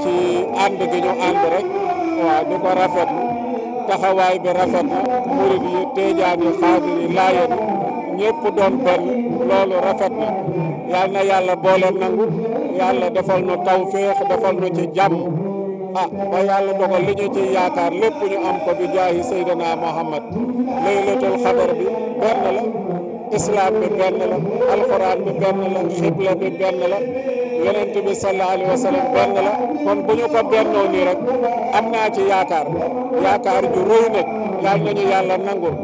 ci ànd gi ñu ànd rek waaw di ko rafetlu taxawaay bi rafet na murid yi teejaan yi xaadir yi laayeen ñëpp doon benn loolu rafet na yal yàlla boole nangu yàlla defal nu tawféex defal nu ci jàmm ah ba yàlla dogal li ñu ci yaakaar lépp ñu am ko bi jaayi Seydina Muhammad laylatul xadar bi benn la islam bi benn la alxuraan bi benn la xibla bi benn la yonent bi sallallahu alayhi benn la kon bu ñu ko bennoo rek am naa ci yaakaar yaakaar ju rëy nag yal nañu yàlla nangul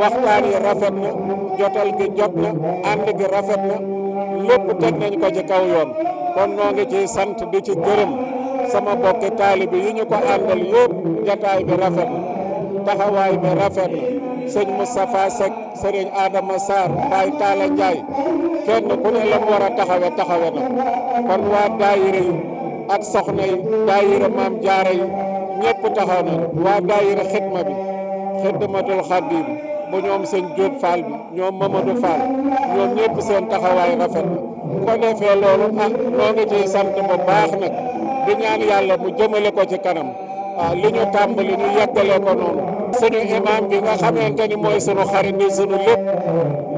waxtaan yi rafet na jotal gi jot na ànd gi rafet na lépp teg nañ ko ci kaw yoon kon noo ngi ci sant di ci gërëm sama bokki taalibi yi ñu ko àndal yëpp jataay bi rafet na taxawaay bi rafet na sëñ Moustapha Seck sëriñ Adama Sarr Baye Talla Ndiaye kenn ku ne la mu war a taxawe taxawe na kon waa daayira yi ak soxna yi daayira maam jaara yi ñëpp taxaw na waa daayira xidma bi xidmatul xaddim bu ñoom sëñ Diop Fall bi ñoom Mamadou Fall ñoom ñëpp seen taxawaay rafet na ko defee loolu ah noo ngi ciy sant bu baax nag di ñaan yàlla mu jëmale ko ci kanam Ah, li ñu tàmbali ñu yàggale ko noonu suñu imam bi nga xamante ni mooy sunu xarit ni sunu lépp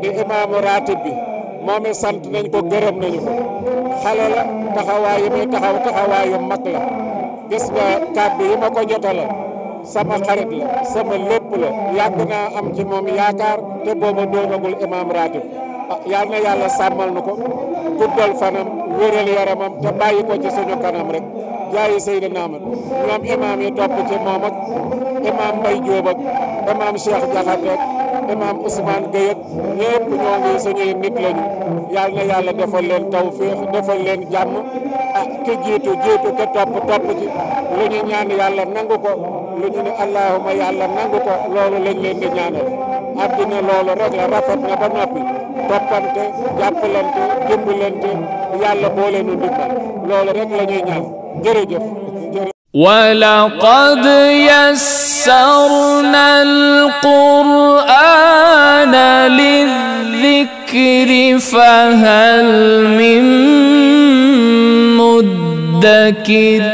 di imaamu ratib bi moom it sant nañ ko gërëm nañu ko xale la taxawaayu muy taxaw taxawaayu mag la gis nga kàddu yi ma ko jotalal sama xarit la sama lépp la yàgg naa am ci moom yaakaar te booba doonagul imaam ratib ah, yal na yàlla sàmmal nu ko guddal fanam wéral yaramam te bàyyi ko ci suñu kanam rek jaayi Seydina Ahmad ñoom imaam yi topp ci moom imaam Mbaye Diop imaam Cheikh Diakhaté imaam Ousmane Gueye ak ñoo ngi suñuy nit lañu yal na yàlla defal leen tawféex defal leen jàmm ak ah, jiitu jiitu ke topp topp ci lu ñaan yàlla nangu ko lu ñu allahuma yàlla nangu ko loolu lañ leen di ñaanal addina loolu rek la rafet na ba noppi toppante jàppalante dimbalante yàlla boo leen di dimbal loolu rek la ñaan ولقد يسرنا القرآن للذكر فهل من مدكر